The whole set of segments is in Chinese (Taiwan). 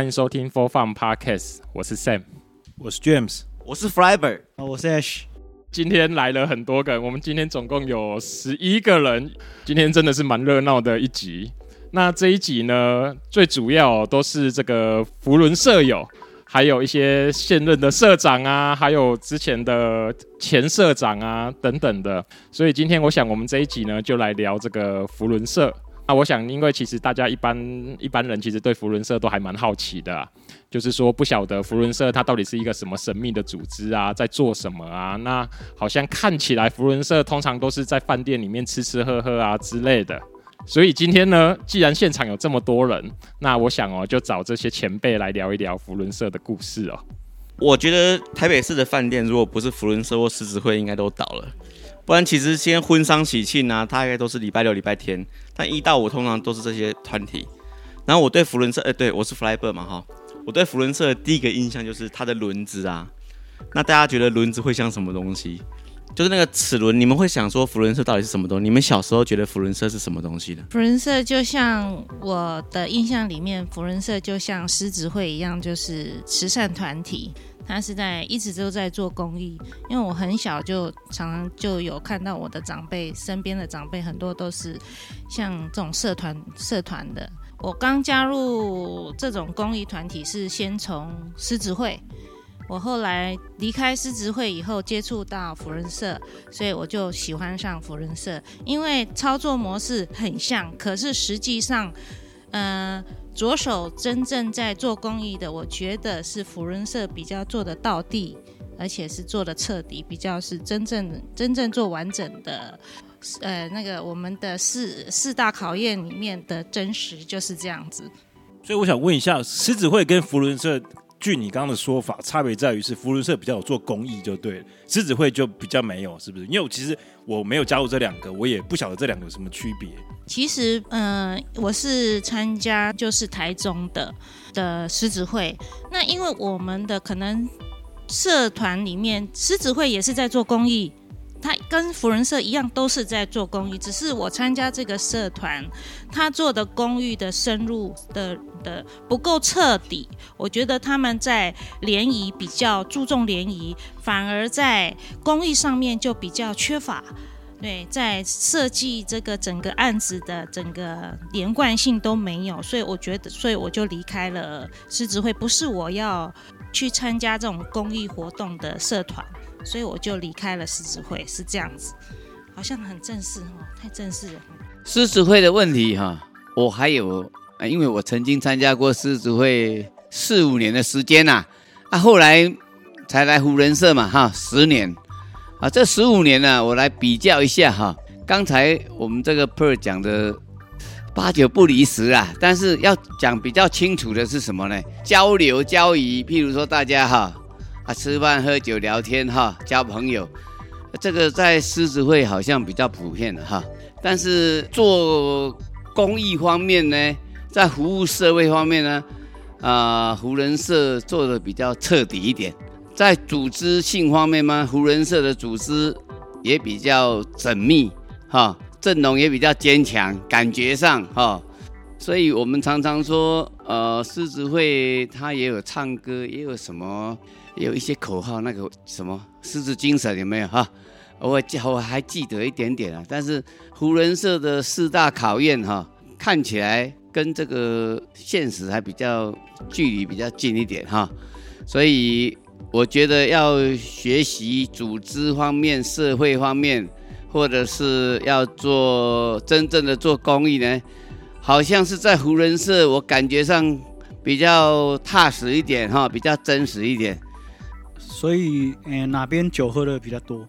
歡迎收聽《播放 Podcast》，我是 Sam，我是 James，我是 Flyber，我是 Ash。今天來了很多個，我們今天總共有十一個人，今天真的是蠻熱鬧的一集。那這一集呢，最主要都是這個扶輪社友，還有一些現任的社長啊，還有之前的前社長啊等等的。所以今天我想，我們這一集呢，就來聊這個扶輪社。那、啊、我想，因為其實大家一般一般人其實對扶輪社都還蠻好奇的、啊，就是說不曉得扶輪社它到底是一個什麼神秘的組織啊，在做什麼啊？那好像看起來扶輪社通常都是在飯店裡面吃吃喝喝啊之類的。所以今天呢，既然現場有這麼多人，那我想哦，就找這些前輩來聊一聊扶輪社的故事哦。我覺得台北市的飯店，如果不是扶輪社或獅子會，應該都倒了。不然其實現在婚喪喜慶啊，它應該都是禮拜六、禮拜天。但一到五通常都是這些團體。然後我對扶輪社，哎、欸，對我是 flybird 嘛哈。我對扶輪社的第一個印象就是它的輪子啊。那大家覺得輪子會像什麼東西？就是那個齒輪。你們會想說扶輪社到底是什麼東西？你們小時候覺得扶輪社是什麼東西的？扶輪社就像我的印象裡面，扶輪社就像獅子會一樣，就是慈善團體。他是在一直都在做公益，因為我很小就常常就有看到我的長輩，身邊的長輩很多都是像這種社團社團的。我剛加入這種公益團體是先從獅子會，我後來離開獅子會以後接觸到扶輪社，所以我就喜歡上扶輪社，因為操作模式很像，可是實際上，嗯、呃。左手真正在做公益的，我覺得是扶輪社比較做的道地，而且是做的徹底，比較是真正真正做完整的，呃，那個我們的四四大考驗裡面的真實就是這樣子。所以我想問一下，獅子會跟扶輪社。據你剛剛的說法，差別在於是扶輪社比較有做公益就對了，獅子會就比較沒有，是不是？因為我其實我沒有加入這兩個，我也不曉得這兩個有什麼區別。其實，嗯、呃，我是參加就是台中的的獅子會，那因為我們的可能社團裡面獅子會也是在做公益，它跟扶輪社一樣都是在做公益，只是我參加這個社團，他做的公益的深入的，的不夠徹底，我覺得他們在聯誼比較注重聯誼，反而在公益上面就比較缺乏。對，在設計這個整個案子的整個連貫性都沒有，所以我覺得，所以我就離開了獅子會。不是我要去參加這種公益活動的社團，所以我就離開了獅子會，是這樣子。好像很正式哦，太正式了。獅子會的問題哈、啊，我還有。啊，因為我曾經參加過獅子會四五年的時間吶、啊，啊，後來才來扶輪社嘛，哈，十年，啊，這十五年呢、啊，我來比較一下哈，剛才我們這個 Per 講的八九不離十啊，但是要講比較清楚的是什麼呢？交流、交誼，譬如說大家哈啊吃飯、喝酒、聊天哈交朋友，這個在獅子會好像比較普遍的哈，但是做公益方面呢？在服務社會方面呢，啊、呃，扶輪社做的比較徹底一點。在組織性方面嘛，扶輪社的組織也比較縝密，哈，陣容也比較堅強，感覺上哈。所以我們常常說，呃，獅子會他也有唱歌，也有什麼，也有一些口號，那個什麼獅子精神有沒有哈？我記我還記得一點點啊。但是扶輪社的四大考驗哈，看起來，跟這個現實還比較距離比較近一點哈，所以我覺得要學習組織方面、社會方面，或者是要做真正的做公益呢，好像是在扶輪社，我感覺上比較踏實一點哈，比較真實一點。所以，嗯、呃，哪邊酒喝的比較多？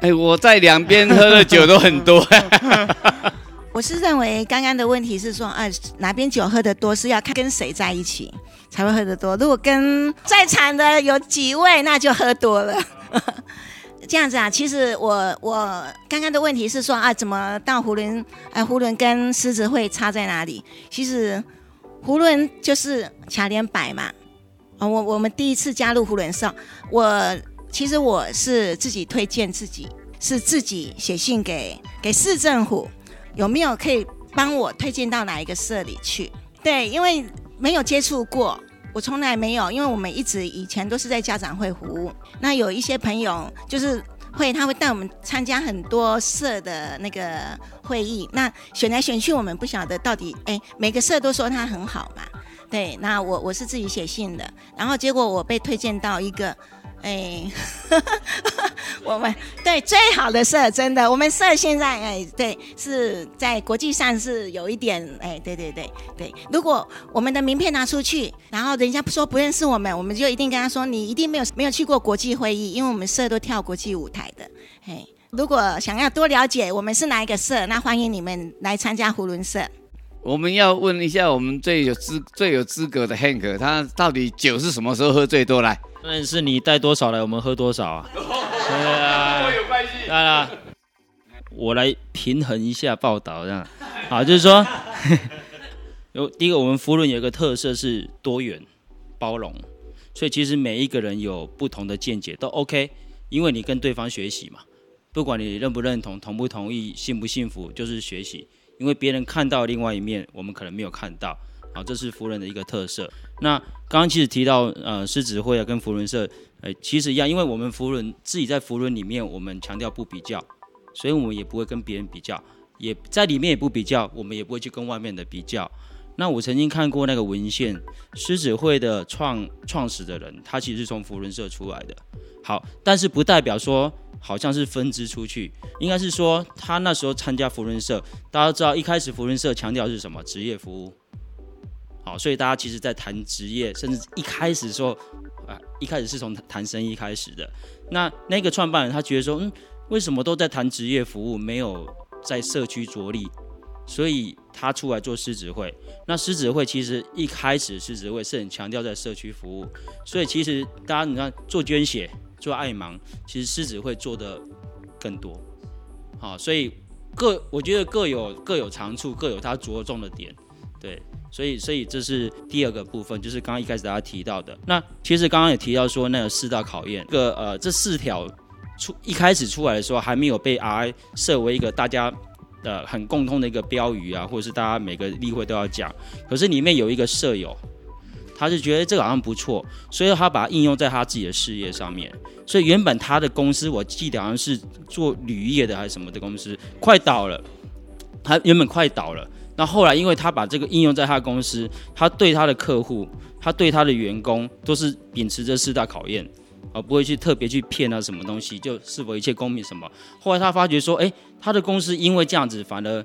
哎，我在兩邊喝的酒都很多。 我是認為剛剛的問題是說，啊，哪邊酒喝得多是要看跟誰在一起才會喝得多。如果跟在場的有幾位，那就喝多了。 這樣子啊，其實我我剛剛的問題是說啊，怎麼到扶輪，哎、啊，扶輪跟獅子會差在哪裡？其實扶輪就是卡點擺嘛。啊，我我們第一次加入扶輪社，我其實我是自己推薦自己，是自己寫信給給市政府。有沒有可以幫我推薦到哪一個社裡去？對，因為沒有接觸過，我從來沒有，因為我們一直以前都是在家長會服務。那有一些朋友就是會，他會帶我們參加很多社的那個會議。那選來選去，我們不曉得到底，誒，每個社都說他很好嘛。對，那我我是自己寫信的，然後結果我被推薦到一個。哎， 我們對最好的社，真的，我們社現在哎，對，是在國際上是有一點哎，對對對對。如果我們的名片拿出去，然後人家說不認識我們，我們就一定跟他說，你一定沒有沒有去過國際會議，因為我們社都跳國際舞台的。哎，如果想要多了解我們是哪一個社，那歡迎你們來參加扶輪社。我們要問一下我們最有資最有資格的 Hank，他到底酒是什麼時候喝最多來？當然是你帶多少來，我們喝多少啊！是、哦、啊，啊，我來平衡一下報道這樣。好，就是說，有 第一個，我們扶輪有一個特色是多元包容，所以其實每一個人有不同的見解都 OK，因為你跟對方學習嘛，不管你認不認同、同不同意、幸不幸福，就是學習，因為別人看到另外一面，我們可能沒有看到。好，這是扶輪的一個特色。那剛剛其實提到，呃，獅子會啊跟扶輪社，呃，其實一樣，因為我們扶輪自己在扶輪裡面，我們強調不比較，所以我們也不會跟別人比較，也在裡面也不比較，我們也不會去跟外面的比較。那我曾經看過那個文獻，獅子會的創創始的人，他其實是從扶輪社出來的。好，但是不代表說好像是分支出去，應該是說他那時候參加扶輪社，大家都知道一開始扶輪社強調是什麼職業服務。好，所以大家其實，在談職業，甚至一開始的時候，啊，一開始是從談生意開始的。那那個創辦人，他覺得說，嗯，為什麼都在談職業服務，沒有在社區着力？所以他出來做獅子會。那獅子會其實一開始，獅子會是很強調在社區服務。所以其實大家你看，做捐血、做愛盲，其實獅子會做的更多。好，所以各我覺得各有各有長處，各有他着重的點，對。所以，所以這是第二個部分，就是剛剛一開始大家提到的。那其實剛剛也提到說，那個四大考驗，這個呃，這四條出一開始出來的時候，還沒有被 RI 設為一個大家的、呃、很共通的一個標語啊，或者是大家每個例會都要講。可是裡面有一個社友，他就覺得、欸、這個好像不錯，所以他把它應用在他自己的事業上面。所以原本他的公司，我記得好像是做旅業的還是什麼的公司，快倒了，他原本快倒了。那後，後來，因為他把這個應用在他的公司，他對他的客戶，他對他的員工，都是秉持着四大考驗，而不會去特別去騙他、啊、什麼東西，就是否一切公平什麼。後來他發覺說，哎，他的公司因為這樣子，反而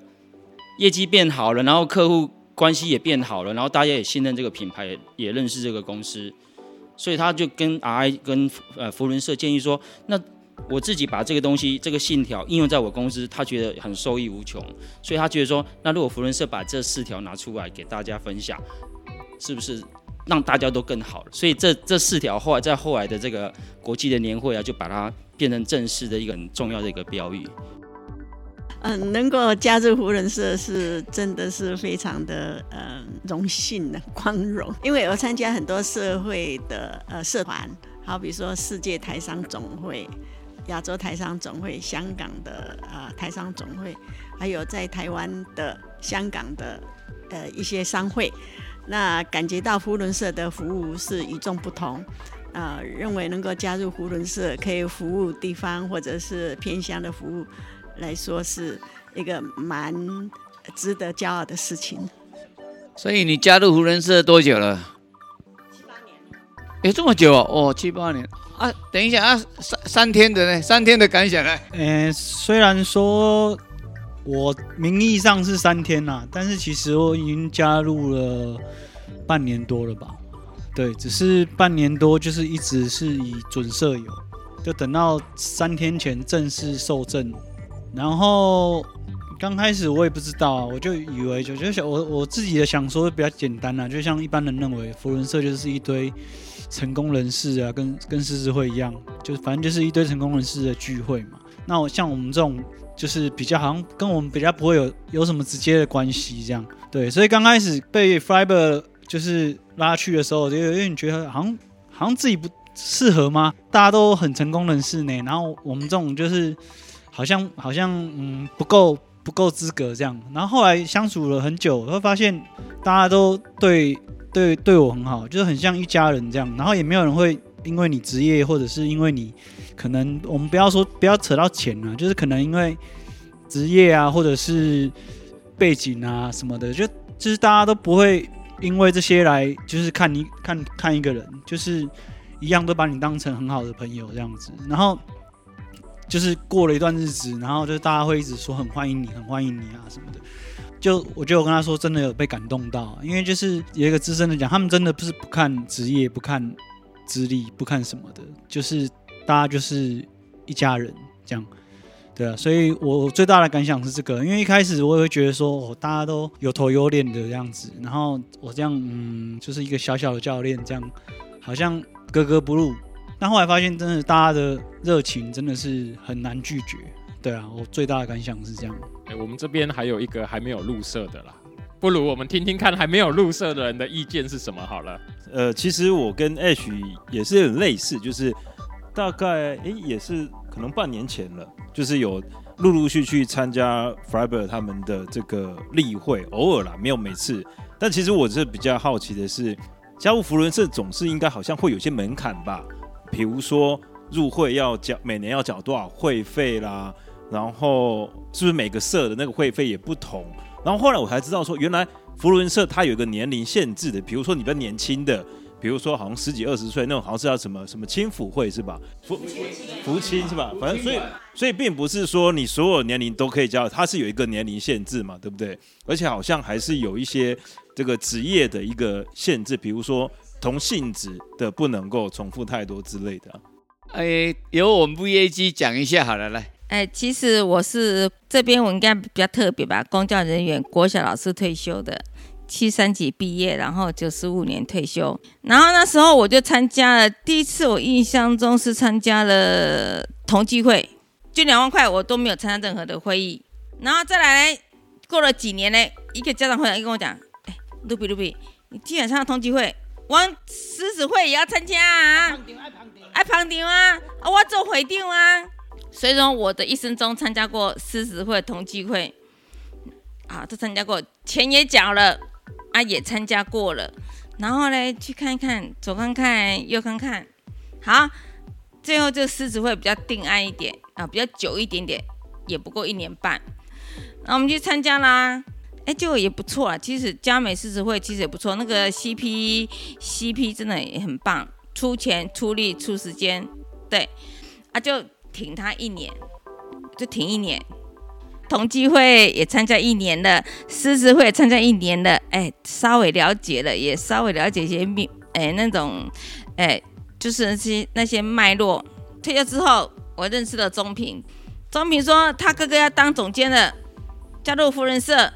業績變好了，然後客戶關係也變好了，然後大家也信任這個品牌，也認識這個公司，所以他就跟 RI 跟呃扶輪社建議說，那，我自己把這個東西，這個信條應用在我公司，他覺得很受益無窮，所以他覺得說，那如果扶輪社把這四條拿出來給大家分享，是不是讓大家都更好？所以這這四條後來在後來的這個國際的年會啊，就把它變成正式的一個很重要的一個標語。嗯、呃，能夠加入扶輪社是真的是非常的嗯、呃、榮幸的光榮，因為我參加很多社會的呃社團，好比如說世界台商總會。亞洲台商總會、香港的啊、呃、台商總會，還有在台灣的、香港的呃一些商會，那感覺到扶輪社的服務是與眾不同啊、呃，認為能夠加入扶輪社，可以服務地方或者是偏鄉的服務來說，是一個蠻值得驕傲的事情。所以你加入扶輪社多久了？七八年。哎、欸，這麼久啊、哦？哦，七八年。啊，等一下啊，三三天的呢，三天的感想呢？嗯、欸，雖然說我名義上是三天啦、啊，但是其實我已經加入了半年多了吧。對，只是半年多就是一直是以準社友，就等到三天前正式受證。然後剛開始我也不知道、啊，我就以為就就想我我自己的想說比較簡單了、啊，就像一般人認為，扶輪社就是一堆。成功人士啊，跟跟獅子會一樣，就是反正就是一堆成功人士的聚會嘛。那我像我們這種，就是比較好像跟我們比較不會有有什麼直接的關係這樣。對，所以剛開始被扶輪就是拉去的時候，就有點覺得好像好像自己不適合嗎？大家都很成功人士呢，然後我們這種就是好像好像嗯不夠不夠資格這樣。然後後來相處了很久，會發現大家都對。對，對我很好，就是很像一家人這樣。然後也沒有人會因為你職業或者是因為你，可能我們不要說不要扯到錢啊，就是可能因為職業啊或者是背景啊什麼的，就就是大家都不會因為這些來就是看你看看一個人，就是一樣都把你當成很好的朋友這樣子。然後就是過了一段日子，然後就是大家會一直說很歡迎你，很歡迎你啊什麼的。就我覺得我跟他說，真的有被感動到啊，因為就是有一個資深的講，他們真的不是不看職業、不看資歷、不看什麼的，就是大家就是一家人這樣，對啊，所以我最大的感想是這個，因為一開始我也會覺得說，哦，大家都有頭有臉的這樣子，然後我這樣嗯，就是一個小小的教練這樣，好像格格不入，但後來發現，真的大家的熱情真的是很難拒絕。對啊，我最大的感想是這樣。哎，我們這邊還有一個還沒有入社的啦，不如我們聽聽看還沒有入社的人的意見是什麼好了。呃，其實我跟 H 也是很類似，就是大概哎也是可能半年前了，就是有陸陸續續參加 Fiber 他們的這個例會，偶爾啦，沒有每次。但其實我是比較好奇的是，加入扶輪社總是應該好像會有些門檻吧？比如說入會要繳每年要繳多少會費啦？然後是不是每個社的那個會費也不同？然後後來我才知道說，原來扶輪社它有一個年齡限制的，比如說你比較年輕的，比如說好像十幾二十歲那種，好像是叫什麼什麼青扶會是吧？扶扶青是吧、啊啊？反正所以所以並不是說你所有年齡都可以加入，它是有一個年齡限制嘛，對不對？而且好像還是有一些這個職業的一個限制，比如說同性質的不能夠重複太多之類的。哎，由我們 VAG 講一下好了，來。哎、欸，其實我是這邊，我應該比較特別吧，公教人員，國小老師退休的，七三級畢業，然後九十五年退休。然後那時候我就參加了，第一次我印象中是參加了同濟會，就兩萬塊，我都沒有參加任何的會議。然後再來，過了幾年呢，一個家長會長跟我講：“哎、欸、盧比盧比，你既然參加同濟會，汪獅子會也要參加啊，愛捧場，愛捧場啊，我做會長啊。”所以說，我的一生中參加過獅子會、同濟會，啊，都參加過，錢也繳了，啊，也參加過了，然後呢，去看一看，左看看，右看看，好，最後這個獅子會比較定案一點啊，比較久一點點，也不夠一年半，那、啊、我們去參加啦，哎、欸，就也不錯啊。其實佳美獅子會其實也不錯，那個 CP CP 真的也很棒，出錢、出力、出時間，對，啊就。停他一年，就停一年。同濟會也參加一年的，獅子會也參加一年的，哎，稍微了解了，也稍微了解一些命，哎，那種，哎，就是那些那些脈絡。退休之後，我認識了鍾平，鍾平說他哥哥要當總監了，加入扶輪社。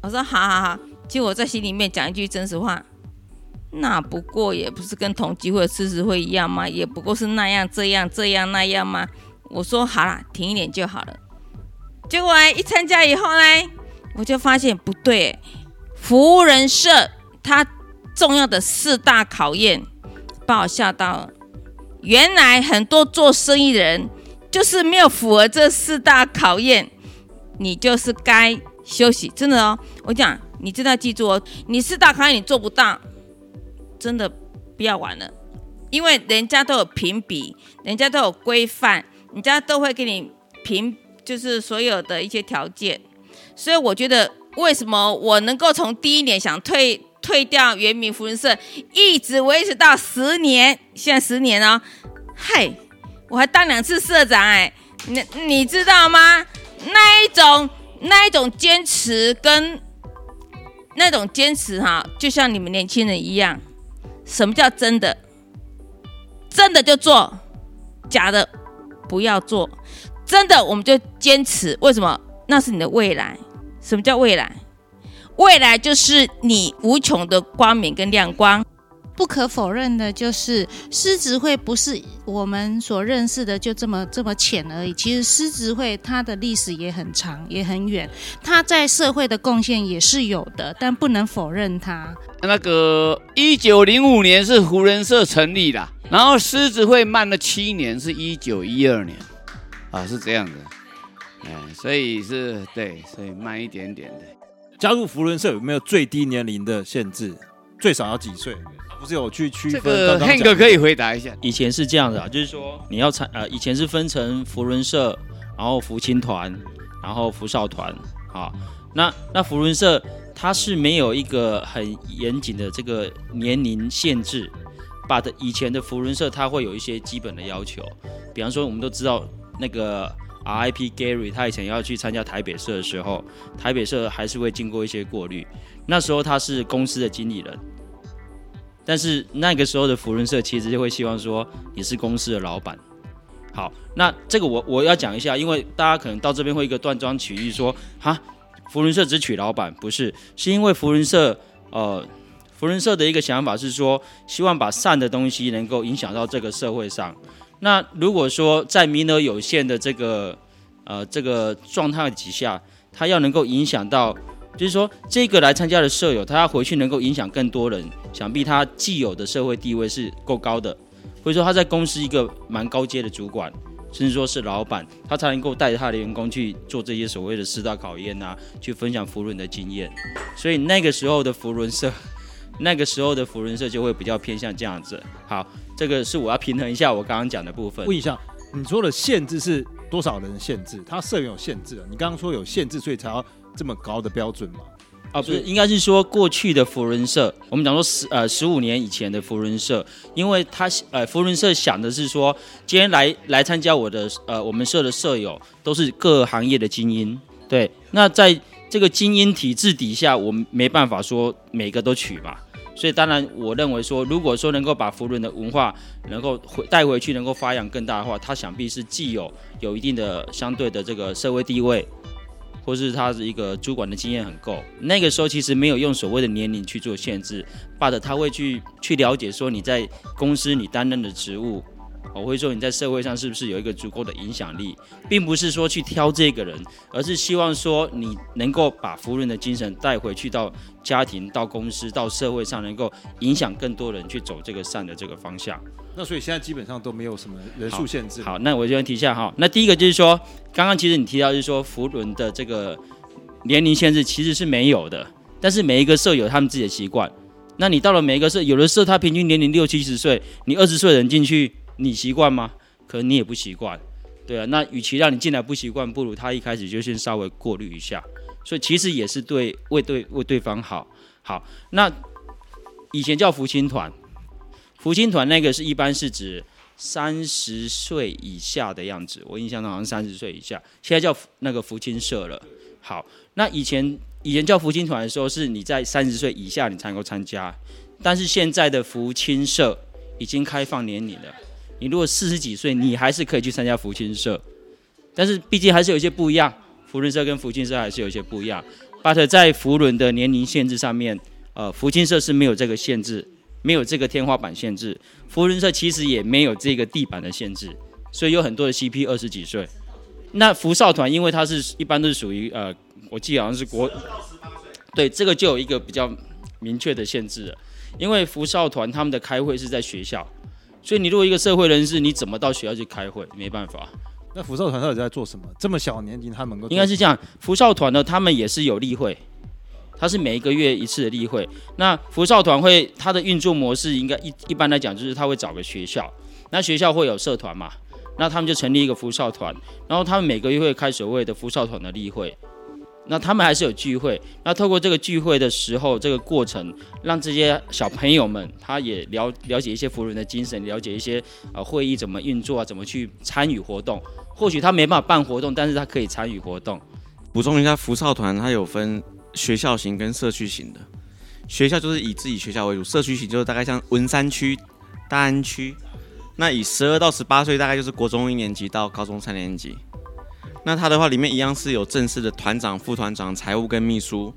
我說好好好好，就我在心裡面講一句真實話，那不過也不是跟同濟會、獅子會一樣嗎？也不過是那樣、這樣、這樣、那樣嗎？我說好啦，停一點就好了。結果一參加以後呢，我就發現不對。服務人設，它重要的四大考驗，把我嚇到了。原來很多做生意的人就是沒有符合這四大考驗，你就是該休息。真的哦，我講你真的要記住哦，你四大考驗你做不到，真的不要玩了，因為人家都有評比，人家都有規範。人家都會給你評，就是所有的一些條件，所以我覺得為什麼我能夠從第一年想退退掉原名扶輪社，一直維持到十年，現在十年哦，嘿，我還當兩次社長，哎，你你知道嗎？那一種那一種堅持跟那種堅持哈、啊，就像你們年輕人一樣，什麼叫真的？真的就做，假的。不要做，真的我們就堅持。為什麼？那是你的未來。什麼叫未來？未來就是你無窮的光明跟亮光。不可否認的就是獅子會不是我們所認識的就這麼這麼淺而已。其實獅子會它的歷史也很長也很遠，它在社會的貢獻也是有的，但不能否認它。那個一九零五年是扶輪社成立的，然後獅子會慢了七年，是一九一二年啊，是這樣子。哎，所以是對，所以慢一點點的。加入扶輪社有沒有最低年齡的限制？最少要幾歲？不是有去區分這個，可以回答一下。以前是這樣的、啊，就是說你要參呃，以前是分成扶輪社，然後扶青團，然後扶少團啊、哦。那那扶輪社它是沒有一個很嚴謹的這個年齡限制，But 以前的扶輪社它會有一些基本的要求。比方說，我們都知道那個 RIP Gary，他以前要去參加台北社的時候，台北社還是會經過一些過濾。那時候他是公司的經理人。但是那個時候的扶輪社其實就會希望說你是公司的老闆。好，那這個我我要講一下，因為大家可能到這邊會一個斷章取義說哈，扶輪社只取老闆，不是，是因為扶輪社呃，扶輪社的一個想法是說，希望把善的東西能夠影響到這個社會上。那如果說在名額有限的這個呃這個狀態底下，他要能夠影響到。就是說，這個來參加的社友，他要回去能夠影響更多人，想必他既有的社會地位是夠高的，或者說他在公司一個蠻高階的主管，甚至說是老板，他才能夠帶着他的員工去做這些所謂的四大考驗啊，去分享扶輪的經驗。所以那個時候的扶輪社，那個時候的扶輪社就會比較偏向這樣子。好，這個是我要平衡一下我剛剛講的部分。問一下，你說的限制是多少人的限制？他社員有限制啊，你剛剛說有限制，所以才要。這麼高的標準嗎？啊、哦，不是，應該是說，過去的扶輪社，我們講說十呃十五年以前的扶輪社，因為他呃扶輪社想的是說，今天來來參加我的呃我們社的社友都是各行業的精英，對，那在這個精英體制底下，我們沒辦法說每個都取吧，所以當然我認為說，如果說能夠把扶輪的文化能夠帶回去，能夠發揚更大的話，他想必是既有有一定的相對的這個社會地位。或是他是一個主管的經驗很夠，那個時候其實沒有用所謂的年齡去做限制，but 他會去去了解說你在公司你擔任的職務。我會說，你在社會上是不是有一個足夠的影響力，並不是說去挑這個人，而是希望說你能夠把扶輪的精神帶回去到家庭、到公司、到社會上，能夠影響更多人去走這個善的這個方向。那所以現在基本上都沒有什麼人數限制好。好，那我這邊提一下哈。那第一個就是說，剛剛其實你提到就是說扶輪的這個年齡限制其實是沒有的，但是每一個社有他們自己的習慣。那你到了每一個社，有的社他平均年齡六七十歲，你二十歲人進去。你習慣嗎？可能你也不習慣，對啊。那與其讓你進來不習慣，不如他一開始就先稍微過濾一下。所以其實也是對為對為對方好。好，那以前叫扶青團，扶青團那個是一般是指三十歲以下的樣子，我印象中好像三十歲以下。現在叫那個扶青社了。好，那以前以前叫扶青團的時候，是你在三十歲以下你才能夠參加，但是現在的扶青社已經開放年齡了。你如果四十幾歲，你還是可以去參加扶青社，但是畢竟還是有一些不一樣，扶輪社跟扶青社還是有一些不一樣。But 在扶輪的年齡限制上面，呃，扶青社是沒有這個限制，沒有這個天花板限制。扶輪社其實也沒有這個地板的限制，所以有很多的 CP 二十幾歲。那扶少團，因為他是一般都是屬於呃，我記得好像是國，對，這個就有一個比較明確的限制了，因為扶少團他們的開會是在學校。所以你如果一個社會人士，你怎麼到學校去開會？沒辦法。那扶少團到底在做什麼？這麼小年紀，他們應該是這樣：扶少團呢，他們也是有例會，他是每一個月一次的例會。那扶少團會，他的運作模式應該一一般來講，就是他會找個學校，那學校會有社團嘛，那他們就成立一個扶少團，然後他們每個月會開所謂的扶少團的例會。那他們還是有聚會，那透過這個聚會的時候，這個過程讓這些小朋友們他也了了解一些扶輪的精神，了解一些呃會議怎麼運作啊，怎麼去參與活動。或許他沒辦法辦活動，但是他可以參與活動。補充一下，扶少團它有分學校型跟社區型的。學校就是以自己學校為主，社區型就是大概像文山區、大安區，那以十二到十八歲，大概就是國中一年級到高中三年級。那他的話裡面一樣是有正式的團長、副團長、財務跟秘書。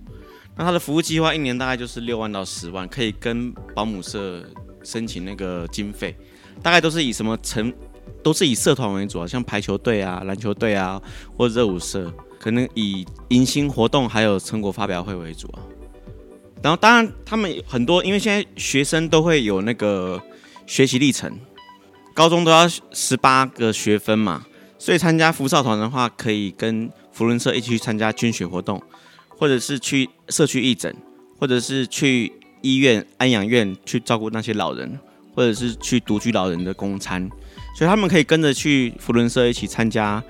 那他的服務計劃一年大概就是六萬到十萬，可以跟保姆社申請那個經費，大概都是以什麼成，都是以社團為主啊，像排球隊啊、籃球隊啊或者熱舞社，可能以迎新活動還有成果發表會為主啊。然後當然他們很多，因為現在學生都會有那個學習歷程，高中都要十八個學分嘛。所以參加扶少團的話，可以跟扶輪社一起去參加捐血活動，或者是去社區義診，或者是去醫院安養院去照顧那些老人，或者是去獨居老人的供餐，所以他們可以跟着去扶輪社一起參加，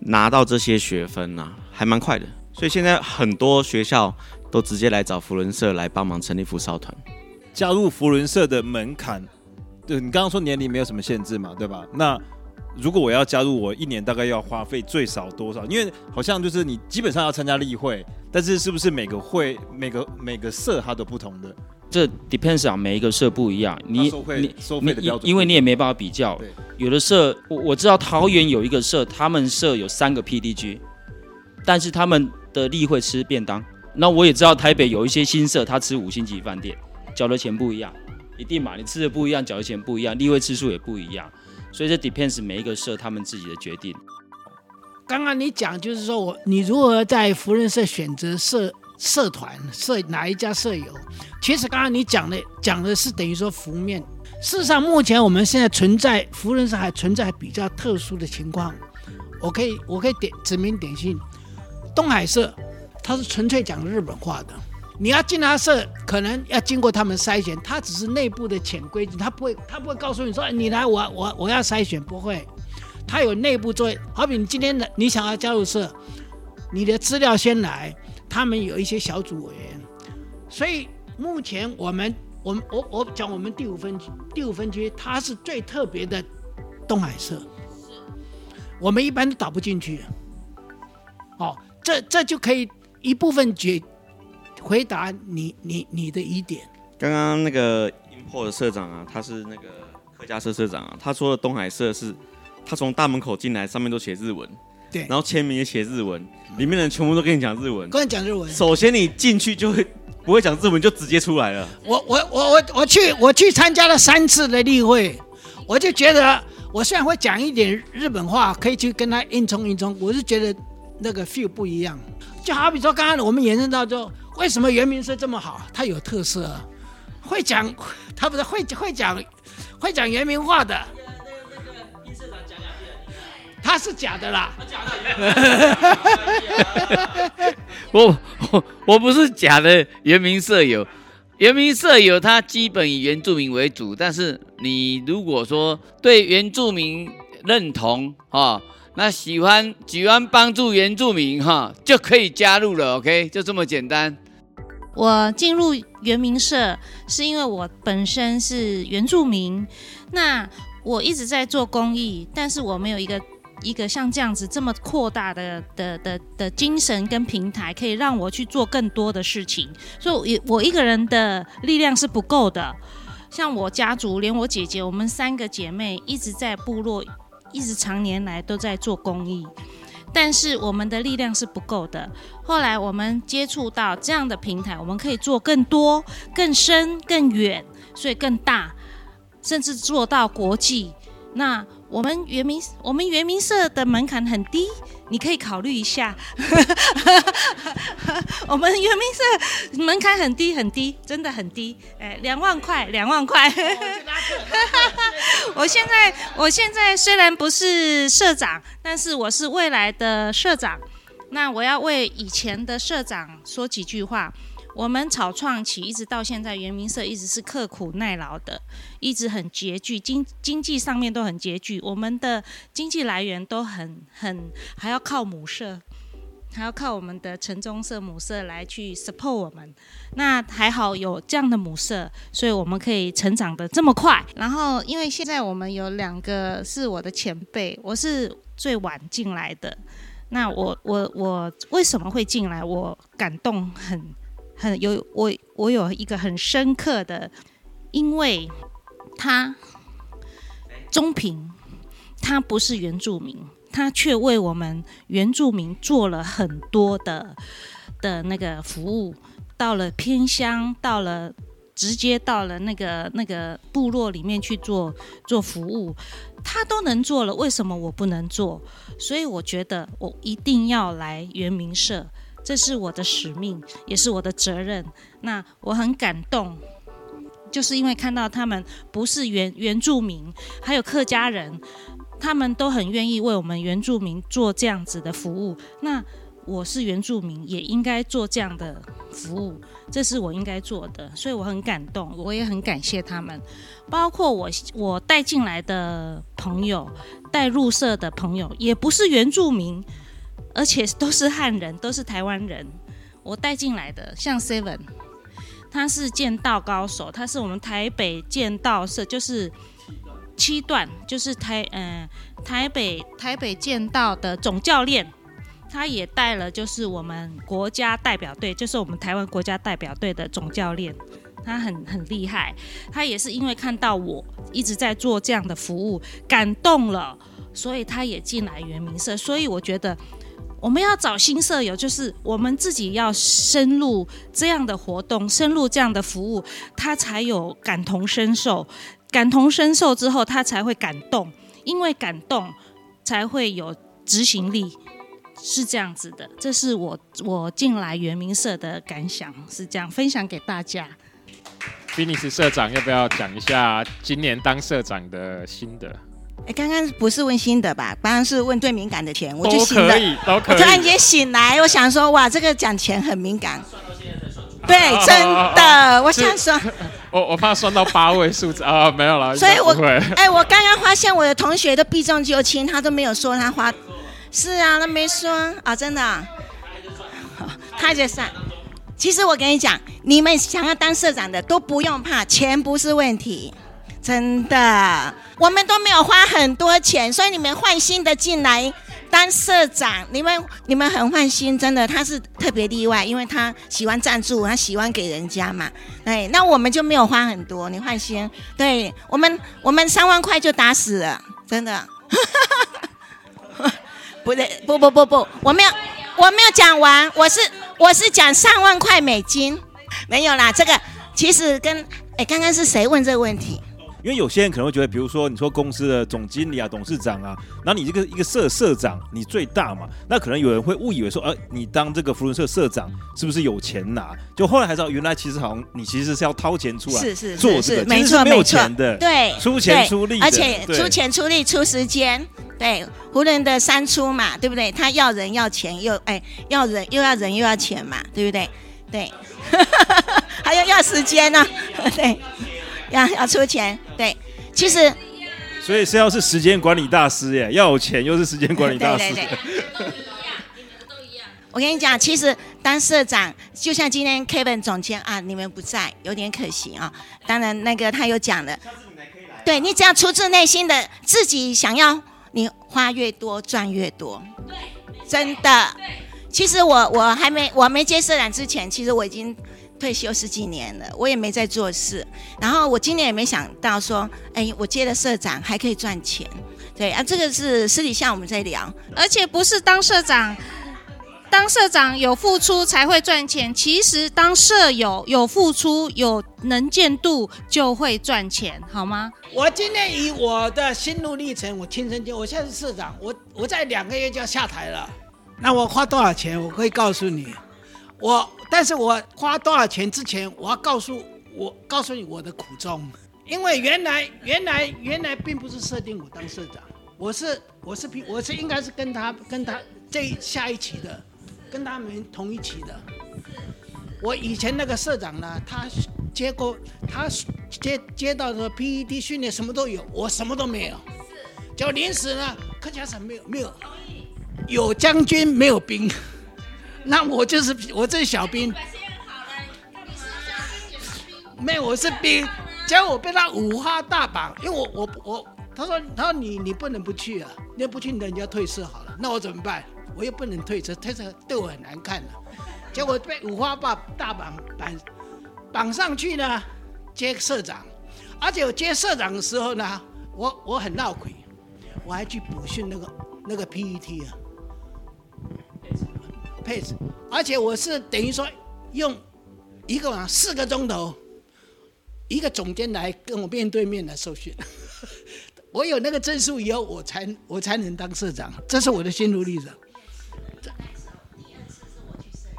拿到這些學分啊，還蠻快的。所以現在很多學校都直接來找扶輪社來幫忙成立扶少團。加入扶輪社的門檻，對，你剛剛說年齡沒有什麼限制嘛，對吧？那。如果我要加入，我一年大概要花費最少多少？因為好像就是你基本上要參加例會，但是是不是每個會、每個每個社它都不同的？這 depends on、啊、每一個社不一樣。你收你收費因為你也沒辦法比較。有的社我我知道桃園有一個社，他們社有三個 PDG，但是他們的例會吃便當。那我也知道台北有一些新社，他吃五星級飯店，繳的錢不一樣，一定嘛？你吃的不一樣，繳的錢不一樣，例會次數也不一樣。所以這 depends 每一個社他們自己的決定。剛剛你講就是說，我你如何在扶輪社選擇社社團社哪一家社友？其實剛剛你講的講的是等於說服務面。事實上目前我們現在存在扶輪社還存在比較特殊的情況。我可以我可以點指名點姓，東海社，它是純粹講日本話的。你要進他社，可能要經過他們篩選，他只是內部的潛規則，他不會他不會告訴你說你來我我我要篩選，不會。他有內部作業，好比你今天的你想要加入社，你的資料先來，他們有一些小組委員。所以目前我們我們我我我講我們第五分區第五分區，它是最特別的東海社，是我們一般都打不進去。哦，這這就可以一部分解。回答你你你的疑點。剛剛那個 i m p o 的社長啊，他是那個客家社社長啊，他說的東海社是，他從大門口進來，上面都寫日文，對，然後簽名也寫日文，嗯、裡面的人全部都跟你講日文，跟你講日文。首先你進去就會不會講日文就直接出來了。我我我我我去我去參加了三次的例會，我就覺得我雖然會講一點日本話，可以去跟他硬衝硬衝，我是覺得那個 feel 不一樣。就好比說剛剛我們延伸到就。為什麼原民社這麼好？他有特色、啊，會講，他不是會會講，會講原民話的。Yeah, 那個那個講兩句。他是假的啦，啊、假的。 我我我不是假的原民社友，原民社友他基本以原住民為主，但是你如果說對原住民認同哈、哦，那喜歡喜歡幫助原住民哈、哦，就可以加入了。OK，就這麼簡單。我進入原民社，是因為我本身是原住民。那我一直在做公益，但是我沒有一個一個像這樣子這麼擴大的的的的的精神跟平台，可以讓我去做更多的事情。所以，我一個人的力量是不夠的。像我家族，連我姐姐，我們三個姐妹一直在部落，一直常年來都在做公益。但是我們的力量是不夠的。後來我們接觸到這樣的平台，我們可以做更多、更深、更遠，所以更大，甚至做到國際。那我們原名，我們原名社的門檻很低。你可以考慮一下 我們圓明社門檻很低很低，真的很低，哎、欸，兩萬塊，兩萬塊。 我現在我現在雖然不是社長，但是我是未來的社長。那我要為以前的社長說幾句話。我們草創期一直到現在，原名社一直是刻苦耐勞的，一直很拮據，經經濟上面都很拮據，我們的經濟來源都很很還要靠母社，還要靠我們的城中社母社來去 support 我們。那還好有這樣的母社，所以我們可以成長得這麼快。然後因為現在我們有兩個是我的前輩，我是最晚進來的。那我我我為什麼會進來？我感動很。很有我，我有一個很深刻的。因為他中平，他不是原住民，他卻為我們原住民做了很多的、的那個服務，到了偏鄉，到了直接到了那個那個部落裡面去做做服務，他都能做了，為什麼我不能做？所以我覺得我一定要來原民社。這是我的使命，也是我的責任。那我很感動，就是因為看到他們不是原原住民，還有客家人，他們都很願意為我們原住民做這樣子的服務。那我是原住民，也應該做這樣的服務，這是我應該做的。所以我很感動，我也很感謝他們。包括我我帶進來的朋友，帶入社的朋友，也不是原住民。而且都是漢人，都是台灣人，我帶進來的。像 Seven，他是劍道高手，他是我們台北劍道社，就是七段，就是台嗯、呃、台北台北劍道的總教練。他也帶了，就是我們國家代表隊，就是我們台灣國家代表隊的總教練。他很很厲害，他也是因為看到我一直在做這樣的服務，感動了，所以他也進來元明社。所以我覺得。我們要找新社友，就是我們自己要深入這樣的活動，深入這樣的服務，他才有感同身受。感同身受之後，他才會感動，因為感動才會有執行力，是這樣子的。這是我我進來圓明社的感想，是這樣分享給大家。Phoenix 社長，要不要講一下今年當社長的心得？哎，剛剛不是問心得吧？剛剛是問最敏感的錢，我就醒了，我突然間醒來，我想說，哇，這個講錢很敏感。對、哦，真的，哦哦、我想說。嗯、 我我怕算到八位數字 啊，沒有啦。所以我，我 哎，我剛剛發現我的同學都避重就輕，他都沒有說他花。是啊，他沒說啊、哦，真的、啊。他還在算、算、算。其實我跟你講，你們想要當社長的都不用怕，錢不是問題。真的，我們都沒有花很多錢，所以你們換新的進來當社長，你們你們很換新。真的，他是特別例外，因為他喜歡贊助，他喜歡給人家嘛，對，那我們就沒有花很多，你換新，對，我們我們三萬塊就打死了，真的， 不對，不不不不，我沒有我沒有講完，我是我是講上萬塊美金，沒有啦，這個其實跟，哎，剛剛是誰問這個問題？因為有些人可能會覺得，比如說你說公司的總經理啊、董事長啊，那你這個一個社社長，你最大嘛？那可能有人會誤以為說，呃、啊，你當這個扶輪社社長是不是有錢拿、啊？就後來才知道，原來其實好像你其實是要掏錢出來做事，這個是是是是，其實沒有錢的，對，出錢出力，而且出錢出力出時間，對，扶輪的三出嘛，對不對？他要人要錢又哎，要人又要人又要錢嘛，對不對？對，還 要要時間呢、啊，對。要要出,要出錢，對，其實，所以是要是時間管理大師耶，要有錢又是時間管理大師。對對,對對， 對對對對 都一樣，你們都一樣。我跟你講，其實當社長就像今天 Kevin 總監啊，你們不在有點可惜啊、哦。當然那個他有講的，對你只要出自內心的自己想要，你花越多賺越多，對，真的。其實我我還沒我沒接社長之前，其實我已經。退休十幾年了，我也沒在做事。然後我今年也沒想到說，哎、欸，我接了社長還可以賺錢。對啊，這個是私底下我們在聊。而且不是當社長，當社長有付出才會賺錢。其實當社友有付出、有能見度就會賺錢，好嗎？我今天以我的心路歷程，我親身經歷。我現在是社長，我我在兩個月就要下台了。那我花多少錢？我可以告訴你。我，但是我花多少錢之前，我要告訴我，告訴你我的苦衷，因為原來，原來，原來並不是設定我當社長，我是，我是我是應該是跟他，跟他這下一期的，跟他們同一期的。我以前那個社長呢，他接過他接接到的 PED 訓練什麼都有，我什麼都沒有，就臨時呢，客家省沒有沒有，有將軍沒有兵。那我就是我這小兵，小兵、啊，沒有，我是兵，結果我被他五花大綁，因為我我我，他說他說你你不能不去啊，你不去人家退社好了，那我怎麼辦？我又不能退社，退社對我很難看的。啊，結果被五花把大綁綁綁上去呢，接社長，而且我接社長的時候呢，我我很鬧鬼，我還去補訓那個那個 PET 啊。配置，而且我是等於說用一個晚、啊、上四個鐘頭，一個總監來跟我面對面來授訓。 我有那個證書以後，我才我才能當社長。這是我的心路歷程。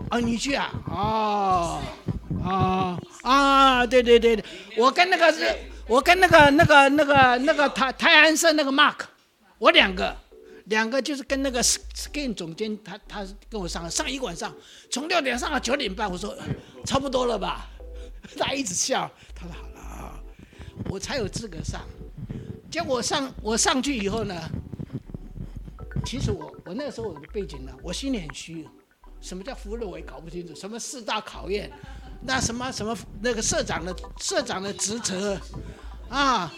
哦、啊，你去啊？哦哦啊，是是啊！對對對，我跟那個是，我跟那個那個那個那個泰泰安社那個 Mark，我兩個。兩個就是跟那個 skin 總監他，他他跟我上了上一晚上，從六點上到九點半，我說差不多了吧，他一直笑，他說好了、啊，我才有資格上。結果上我上，我上去以後呢，其實我我那個時候我的背景呢，我心裡很虛，什麼叫服務，我也搞不清楚，什麼四大考驗，那什麼什麼那個社長的社長的職責、嗯，啊，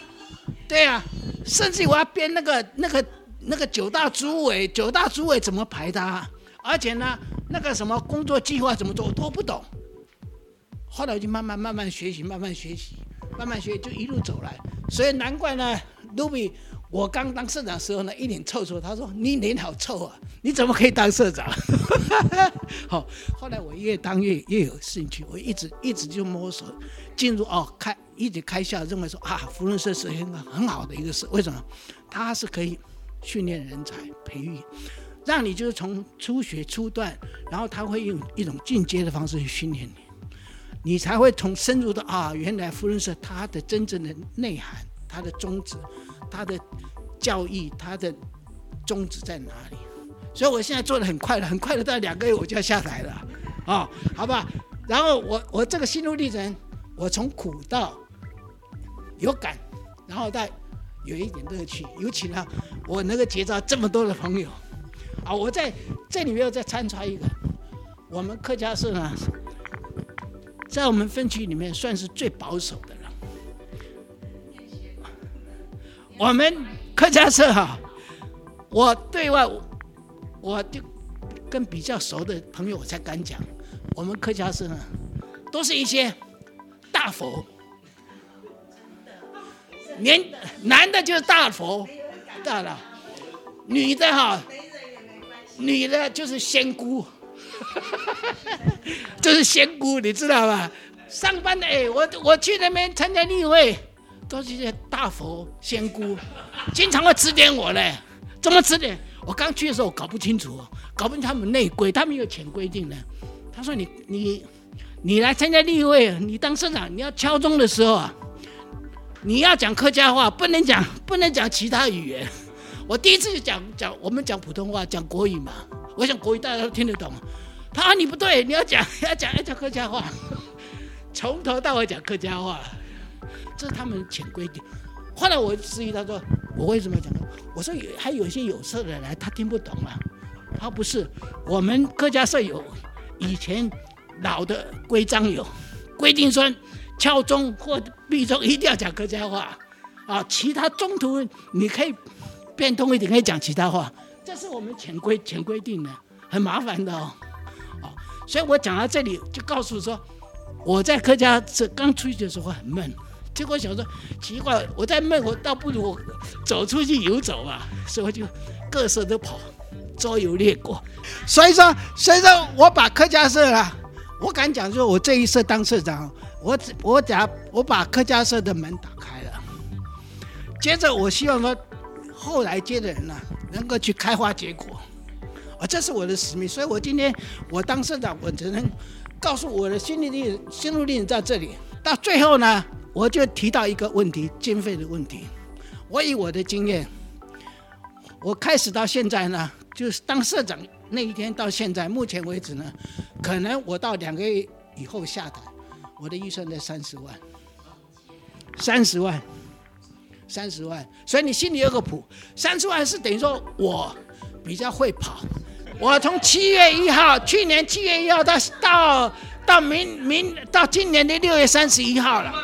對啊，甚至我要編那個那個。那個九大組委，九大組委怎麼排他？而且呢，那個什麼工作計劃怎麼做，我都不懂。後來我就慢慢慢慢學習，慢慢學習，慢慢學習就一路走來。所以難怪呢，盧比，我剛當社長的時候呢，一臉臭臭，他說：“你臉好臭啊，你怎麼可以當社長？”好， 後來我越當越越有興趣，我一直一直就摸索，進入哦開，一直開校，認為說啊，扶輪社是一個很好的一個社，為什麼？他是可以。訓練人才，培育，讓你就是從初學初段，然後他會用一種進階的方式去訓練你，你才會從深入的啊，原來扶輪社他的真正的內涵，他的宗旨，他的教育，他的宗旨在哪裡？所以我現在做的很快了，很快的，大概兩個月我就要下來了，啊，好吧。然後我我這個心路歷程，我從苦到有感，然後再，有一點樂趣，尤其呢，我那個結交這麼多的朋友，啊，我在這裡面要再穿插一個，我們客家社呢，在我們分區裡面算是最保守的了。嗯嗯嗯、我們客家社哈、啊，我對外我，我就跟比較熟的朋友我才敢講，我們客家社呢，都是一些大佛。男男的就是大佛，大佬、啊，女的哈、啊，女的就是仙姑， 就是仙姑，你知道吧？上班的哎、欸，我我去那邊參加例會，都是些大佛仙姑， 經常會指點我嘞。怎麼指點？我剛去的時候我搞不清楚，搞不清楚他們內規，他們有潛規定的。他說你：“你你你來參加例會，你當社長，你要敲鐘的時候啊。”你要講客家話，不能講，不能講其他語言。我第一次就講講，我們講普通話，講國語嘛。我講國語，大家都聽得懂。他說，你不對，你要講，要講要、哎、講客家話，從頭到尾講客家話，這是他們潛規定。後來我質疑，他說我為什麼要講呢？我說有還有些有色的人，他聽不懂啊。他不是我們客家社有以前老的規章有規定說。敲鐘或閉鐘一定要講客家話，啊，其他中途你可以變通一點，可以講其他話，這是我們前規前規定的，很麻煩的哦，哦，所以我講到這裡就告訴說，我在客家社剛出去的時候很悶，結果想說奇怪，我在悶，我倒不如走出去遊走啊。所以我就各社都跑，周遊列國，所以說，所以說我把客家社啊，我敢講，說我這一次當社長。我只我只要我把客家社的門打開了，接着我希望說，後來接的人呢、啊、能夠去開花結果，啊，這是我的使命，所以我今天我當社長，我只能告訴我的心理力心路歷程在這裡。到最後呢，我就提到一個問題，經費的問題。我以我的經驗，我開始到現在呢，就是當社長那一天到現在目前為止呢，可能我到兩個月以後下台。我的預算在三十萬，三十萬，三十萬，所以你心裡有個譜，三十萬是等於說我比較會跑。我從七月一號，去年七月一號到到到明明到今年的六月三十一號了，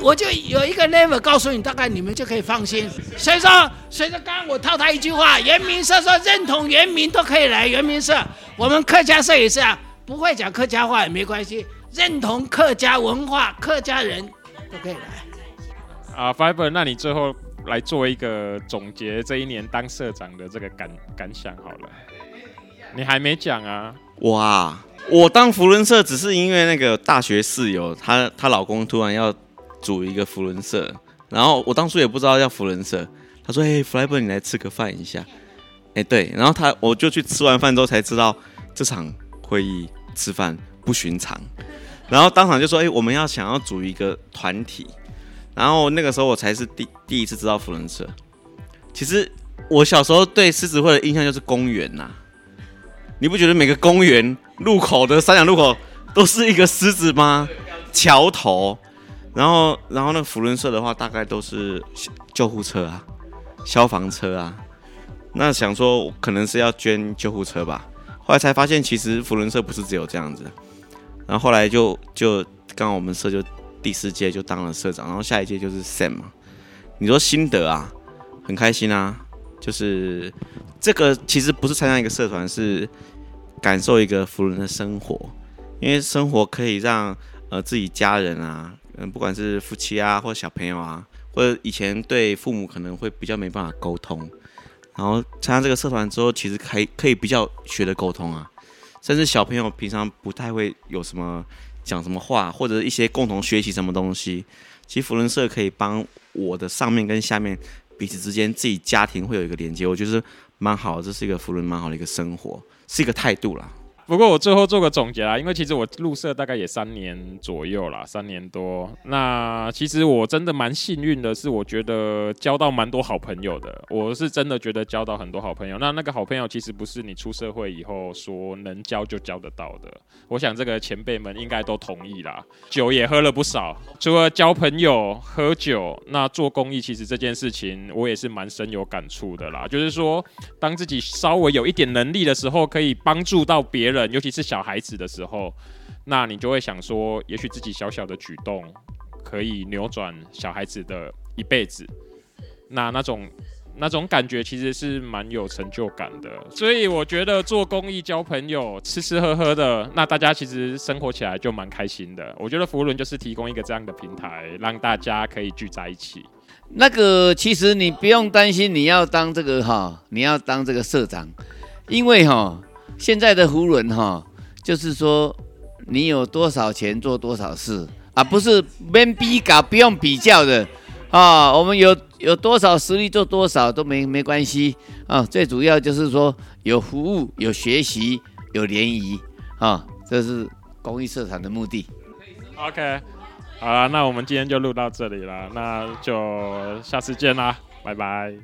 我就有一個 number 告訴你，大概你們就可以放心。所以說，所以說，剛剛我套他一句話，原民社說認同原民都可以來原民社，我們客家社也是啊，不會講客家話也沒關係。認同客家文化，客家人都可以來。啊，Fiber，那你最後來做一個總結，這一年當社長的這個感感想好了。你還沒講啊？我啊，我當扶輪社只是因為那個大學室友，她她老公突然要組一個扶輪社，然後我當初也不知道要扶輪社，他說：“哎，欸，Fiber，你來吃個飯一下。”欸，哎，對，然後他我就去吃完飯之後才知道這場會議吃飯不尋常。然後當場就說：“哎，我們要想要組一個團體。”然後那個時候我才是第第一次知道扶輪社。其實我小時候對獅子會的印象就是公園吶、啊，你不覺得每個公園路口的三岔路口都是一個獅子嗎？橋頭，然後然後那扶輪社的話大概都是救護車啊、消防車啊。那想說可能是要捐救護車吧，後來才發現其實扶輪社不是只有這樣子。然後後來就就剛好我們社就第四屆就當了社長，然後下一屆就是 Sam 嘛。你說心得啊，很開心啊，就是這個其實不是參加一個社團，是感受一個扶輪人的生活，因為生活可以讓呃自己家人啊，嗯、呃、不管是夫妻啊或者小朋友啊，或者以前對父母可能會比較沒辦法溝通，然後參加這個社團之後，其實還可以比較學的溝通啊。但是小朋友平常不太會有什麼講什麼話，或者一些共同學習什麼東西，其實扶輪社可以幫我的上面跟下面彼此之間自己家庭會有一個連接，我覺得蠻好，這是一個扶輪蠻好的一個生活，是一個態度啦。不過我最後做個總結啦，因為其實我入社大概也三年左右啦，三年多。那其實我真的蠻幸運的是，我覺得交到蠻多好朋友的。我是真的覺得交到很多好朋友。那那個好朋友其實不是你出社會以後說能交就交得到的。我想這個前輩們應該都同意啦。酒也喝了不少，除了交朋友、喝酒，那做公益，其實這件事情我也是蠻深有感觸的啦。就是說，當自己稍微有一點能力的時候，可以幫助到別人。尤其是小孩子的時候，那你就會想說，也許自己小小的舉動可以扭轉小孩子的一輩子，那那種那種感覺其實是蠻有成就感的。所以我覺得做公益、交朋友、吃吃喝喝的，那大家其實生活起來就蠻開心的。我覺得扶輪就是提供一個這樣的平台，讓大家可以聚在一起。那個其實你不用擔心，你要當這個哈，你要當這個社長，因為哈。現在的扶輪哈，就是說，你有多少錢做多少事啊，不是 m a 比較不用比較的啊。我們有有多少實力做多少都沒沒關係啊。最主要就是說有服務、有學習、有聯誼啊，這是公益社團的目的。OK，好了，那我們今天就錄到這裡了，那就下次見啦，拜拜。